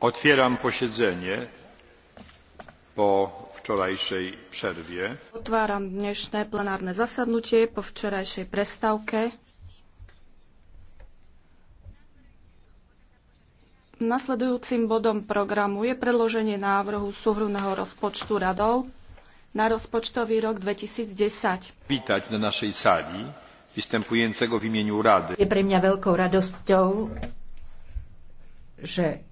Otwieram posiedzenie po wczorajszej przerwie. Otváram dnešné plenárne zasadnutie po včerajšej prestávke. Nasledujúcim bodom programu je predloženie návrhu súhrunného rozpočtu radov na rozpočtový rok 2010. Vítať na našej sáli występującego v imieniu Rady. Je pre mňa veľkou radosťou, že